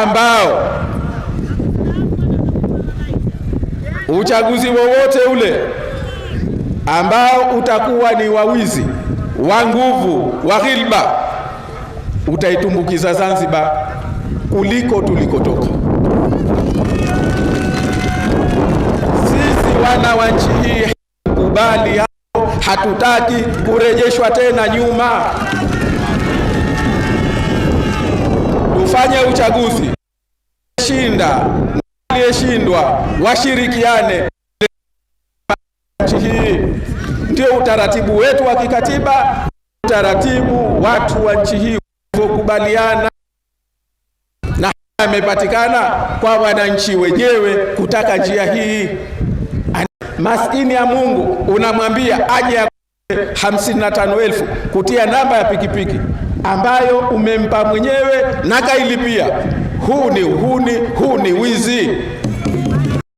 ambao uchaguzi wowote ule ambao utakuwa ni wawizi wa nguvu wa ghilba utaitumbukiza Zanzibar kuliko tulikotoka. Sisi wana wa nchi hii hatukubali hao hatutaki kurejeshwa tena nyuma. Tufanye uchaguzi, shinda aliyeshindwa washirikiane nchi hii. Ndio utaratibu wetu wa kikatiba, utaratibu watu wa nchi hii walivyokubaliana, na amepatikana kwa wananchi wenyewe kutaka njia hii. Maskini ya Mungu unamwambia aje hamsini na tano elfu kutia namba ya pikipiki ambayo umempa mwenyewe na kailipia. Huu ni uhuni, huu ni wizi.